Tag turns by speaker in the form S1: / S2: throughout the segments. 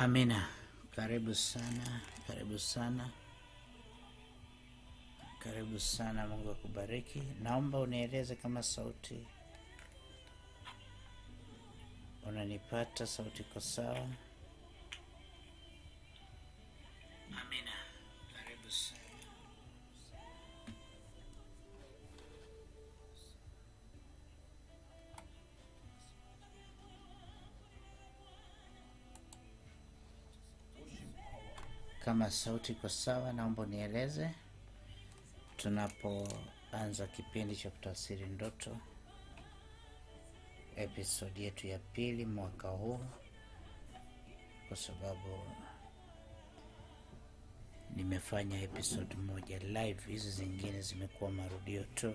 S1: Amina, karibu sana, karibu sana, karibu sana. Mungu akubariki. Naomba unieleze kama sauti unanipata, sauti iko sawa. Kama sauti iko sawa, naomba nieleze tunapoanza kipindi cha kutafsiri ndoto, episodi yetu ya pili mwaka huu, kwa sababu nimefanya episode moja live, hizi zingine zimekuwa marudio tu.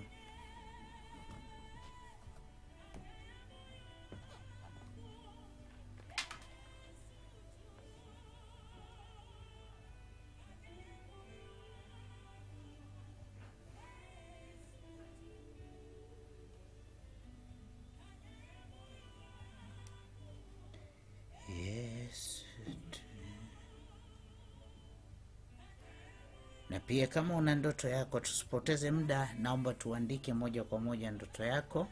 S1: Pia kama una ndoto yako, tusipoteze muda, naomba tuandike moja kwa moja ndoto yako.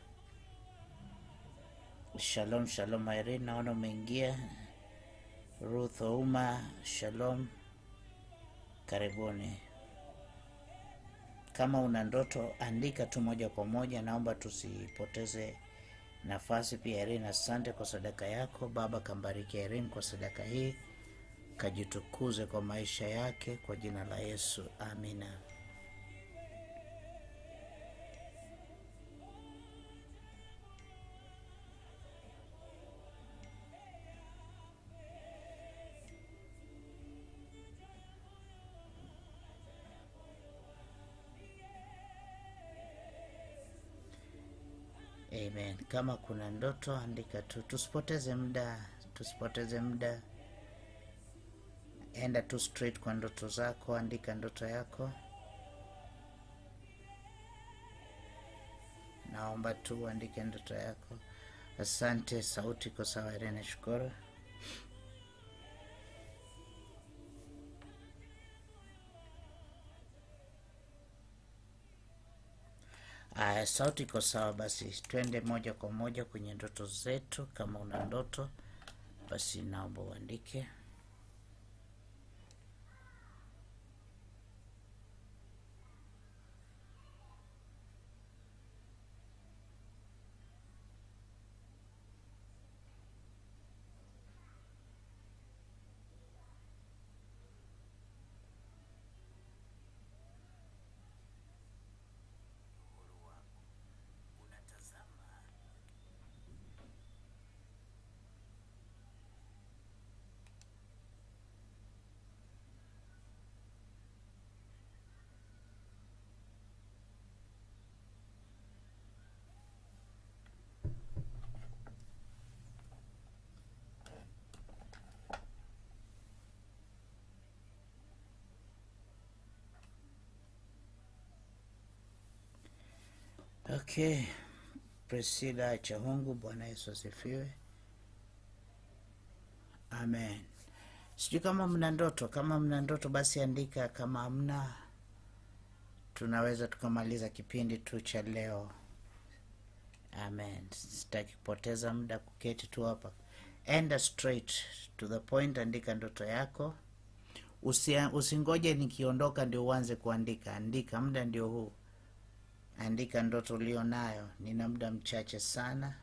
S1: Shalom, shalom Irene, naona umeingia. Ruth Ouma, shalom, karibuni. Kama una ndoto andika tu moja kwa moja, naomba tusipoteze nafasi. Pia Irene, asante kwa sadaka yako. Baba kambariki Irene kwa sadaka hii kajitukuze kwa maisha yake kwa jina la Yesu. Amina. Amen. Kama kuna ndoto andika tu, tusipoteze muda, tusipoteze muda enda tu straight kwa ndoto zako, andika ndoto yako. Naomba tu uandike ndoto yako. Asante. Sauti iko sawa, Irene? Shukuru. Aya, sauti iko sawa. Basi twende moja kwa moja kwenye ndoto zetu. Kama una ndoto, basi naomba uandike. Okay, Priscilla Chahungu, Bwana Yesu asifiwe. Amen. Sijui kama mna ndoto. Kama mna ndoto, basi andika. Kama hamna, tunaweza tukamaliza kipindi tu cha leo. Amen. Sitaki kupoteza muda kuketi tu hapa. Enda straight to the point, andika ndoto yako. Usi, usingoje nikiondoka ndio uanze kuandika. Andika, muda ndio huu. Andika ndoto ulionayo. Nina muda mchache sana.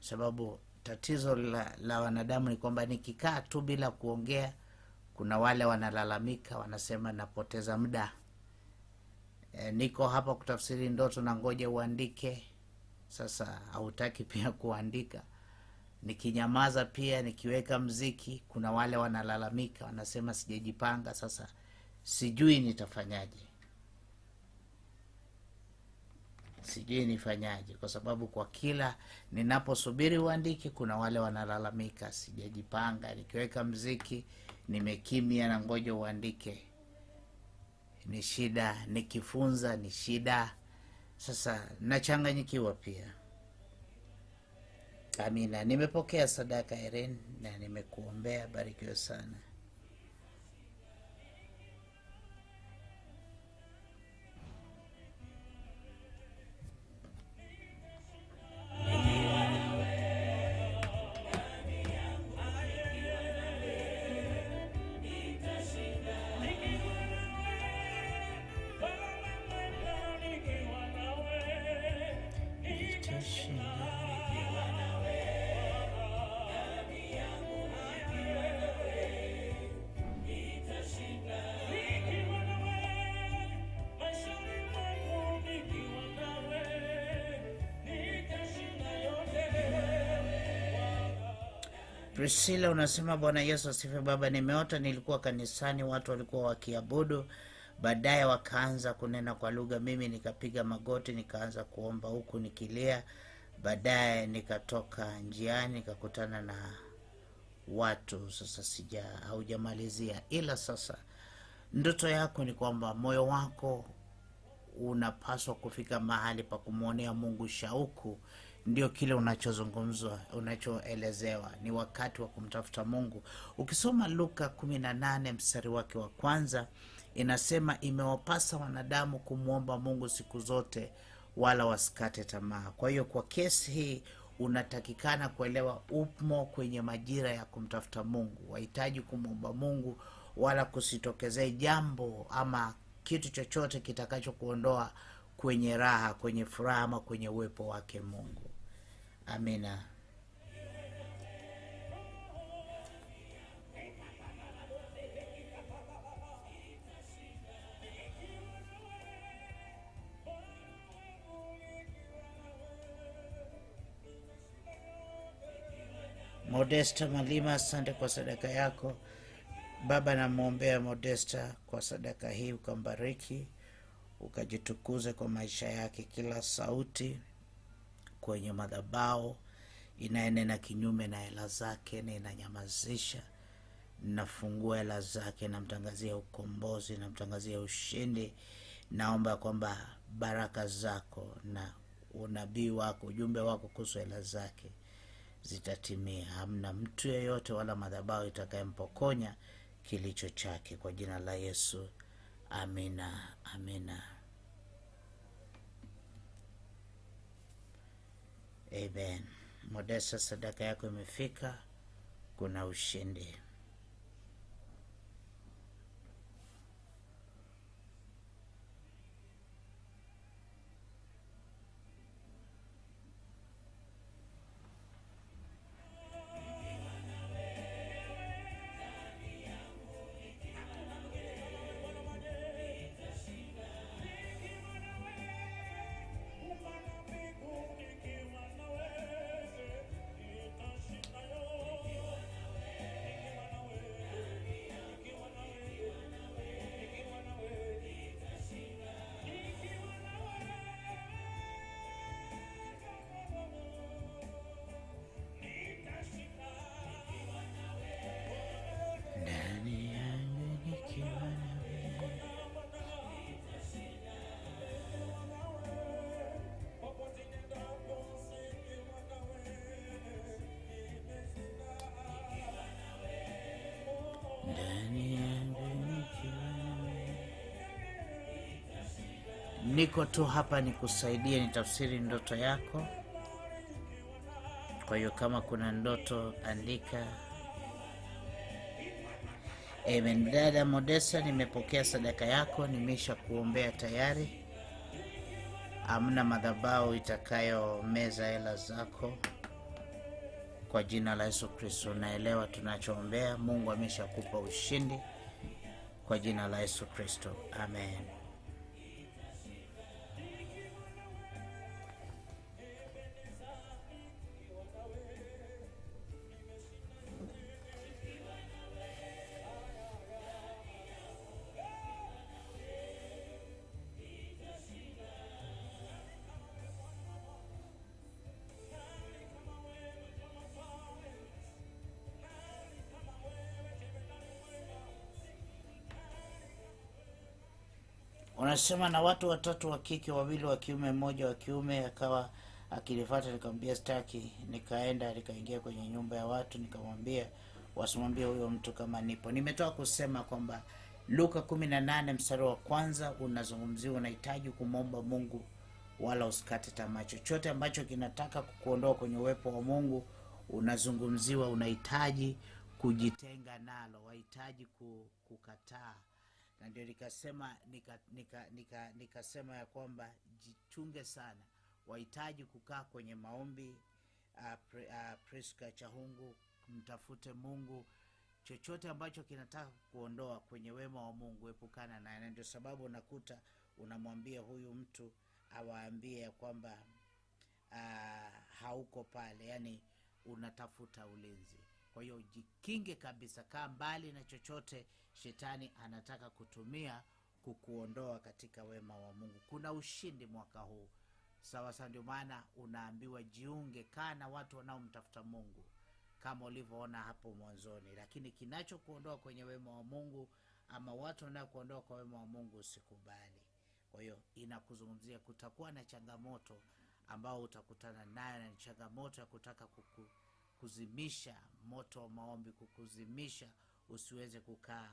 S1: Sababu tatizo la, la wanadamu ni kwamba nikikaa tu bila kuongea, kuna wale wanalalamika, wanasema napoteza muda. E, niko hapa kutafsiri ndoto na ngoja uandike. Sasa hautaki pia kuandika. Nikinyamaza pia nikiweka mziki, kuna wale wanalalamika, wanasema sijajipanga. Sasa sijui nitafanyaje, sijui nifanyaje, kwa sababu kwa kila ninaposubiri uandike, kuna wale wanalalamika, sijajipanga, nikiweka mziki nimekimia na ngoja uandike, ni shida, nikifunza ni shida. Sasa nachanganyikiwa pia. Amina, nimepokea sadaka erin na nimekuombea, barikiwe sana. Priscilla unasema Bwana Yesu asife baba, nimeota nilikuwa kanisani, watu walikuwa wakiabudu, baadaye wakaanza kunena kwa lugha. Mimi nikapiga magoti nikaanza kuomba huku nikilia. Baadaye nikatoka njiani nikakutana na watu. Sasa sija haujamalizia, ila sasa ndoto yako ni kwamba moyo wako unapaswa kufika mahali pa kumwonea Mungu shauku ndio kile unachozungumzwa unachoelezewa, ni wakati wa kumtafuta Mungu. Ukisoma Luka 18 mstari wake wa kwanza inasema, imewapasa wanadamu kumwomba Mungu siku zote, wala wasikate tamaa. Kwa hiyo kwa kesi hii unatakikana kuelewa, umo kwenye majira ya kumtafuta Mungu, wahitaji kumwomba Mungu, wala kusitokezee jambo ama kitu chochote kitakachokuondoa kwenye raha, kwenye furaha ama kwenye uwepo wake Mungu. Amina. Modesta Malima, asante kwa sadaka yako baba. Namwombea Modesta kwa sadaka hii, ukambariki ukajitukuze kwa maisha yake, kila sauti kwenye madhabao inaenena kinyume na hela zake na inanyamazisha. Nafungua hela zake, namtangazia ukombozi, namtangazia ushindi. Naomba kwamba baraka zako na unabii wako, ujumbe wako kuhusu hela zake zitatimia. Hamna mtu yeyote wala madhabao itakayempokonya kilicho chake, kwa jina la Yesu. Amina, amina. Amen. Modesta, sadaka yako imefika, kuna ushindi. niko tu hapa nikusaidie, tafsiri ndoto yako. Kwa hiyo kama kuna ndoto andika. Amen. Dada Modesa, nimepokea sadaka yako, nimesha kuombea tayari. Amna madhabahu itakayomeza hela zako kwa jina la Yesu Kristo. Naelewa tunachoombea, Mungu ameshakupa ushindi kwa jina la Yesu Kristo, amen. Anasema na watu watatu wa kike, wawili wa kiume, mmoja wa kiume akawa akilifata nikamwambia staki. Nikaenda nikaingia kwenye nyumba ya watu, nikamwambia wasimwambie huyo mtu kama nipo. Nimetoka kusema kwamba Luka 18 mstari wa kwanza unazungumzia unahitaji kumwomba Mungu wala usikate tamaa. Chochote ambacho kinataka kukuondoa kwenye uwepo wa Mungu unazungumziwa, unahitaji kujitenga nalo, wahitaji kukataa na ndio nikasema nikasema nika, nika, nika ya kwamba jichunge sana, wahitaji kukaa kwenye maombi. Uh, pre, uh, Chahungu, mtafute Mungu chochote ambacho kinataka kuondoa kwenye wema wa Mungu, epukana naye, na ndio sababu unakuta unamwambia huyu mtu awaambie ya kwamba uh, hauko pale, yani unatafuta ulinzi. Kwa hiyo jikinge kabisa, kaa mbali na chochote shetani anataka kutumia kukuondoa katika wema wa Mungu. Kuna ushindi mwaka huu, sawa sawa. Ndio maana unaambiwa jiunge, kaa na watu wanaomtafuta Mungu kama ulivyoona hapo mwanzoni. Lakini kinachokuondoa kwenye wema wa Mungu ama watu wanaokuondoa kwa wema wa Mungu usikubali. Kwa hiyo inakuzungumzia kutakuwa na changamoto ambao utakutana nayo, na ni changamoto ya kutaka kuku kukuzimisha moto wa maombi, kukuzimisha usiweze kukaa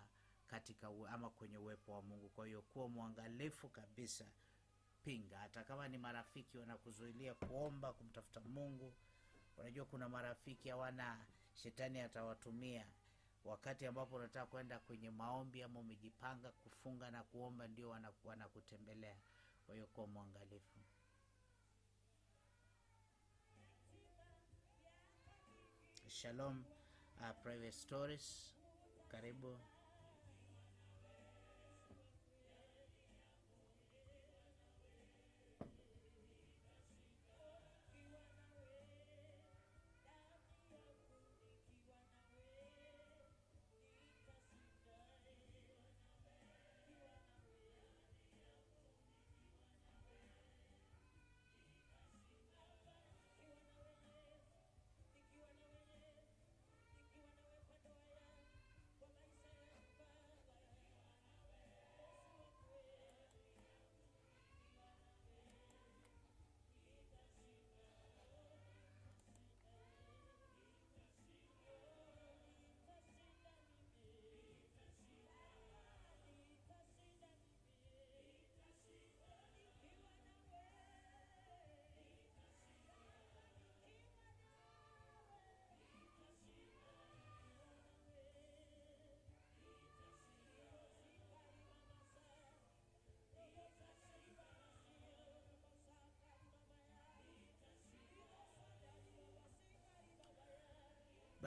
S1: katika ama kwenye uwepo wa Mungu. Kwa hiyo kuwa mwangalifu kabisa, pinga. Hata kama ni marafiki wanakuzuilia kuomba, kumtafuta Mungu. Unajua kuna marafiki hawana, shetani atawatumia wakati ambapo unataka kwenda kwenye maombi ama umejipanga kufunga na kuomba, ndio wanakutembelea. Kwa hiyo kuwa mwangalifu. Shalom uh, Private Stories, karibu.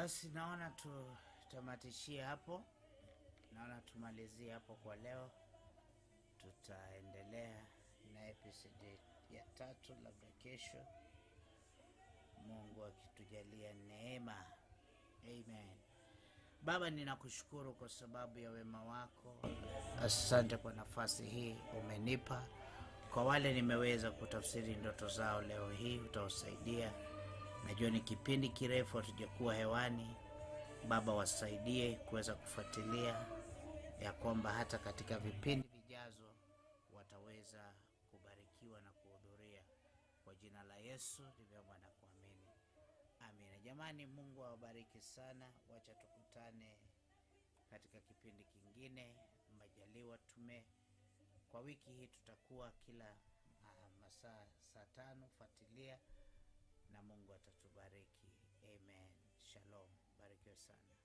S1: Basi naona tutamatishie hapo, naona tumalizie hapo kwa leo. Tutaendelea na episode ya tatu labda kesho, Mungu akitujalia neema. Amen. Baba, ninakushukuru kwa sababu ya wema wako. Asante kwa nafasi hii umenipa. Kwa wale nimeweza kutafsiri ndoto zao leo hii, utawasaidia Najua ni kipindi kirefu hatujakuwa hewani. Baba, wasaidie kuweza kufuatilia ya kwamba hata katika vipindi vijazo wataweza kubarikiwa na kuhudhuria. Kwa jina la Yesu nimeomba na kuamini, amina. Jamani, Mungu awabariki sana. Wacha tukutane katika kipindi kingine majaliwa. Tume kwa wiki hii tutakuwa kila ah, masaa saa tano. Fuatilia na Mungu atatubariki. Amen. Shalom. Barikiwe sana.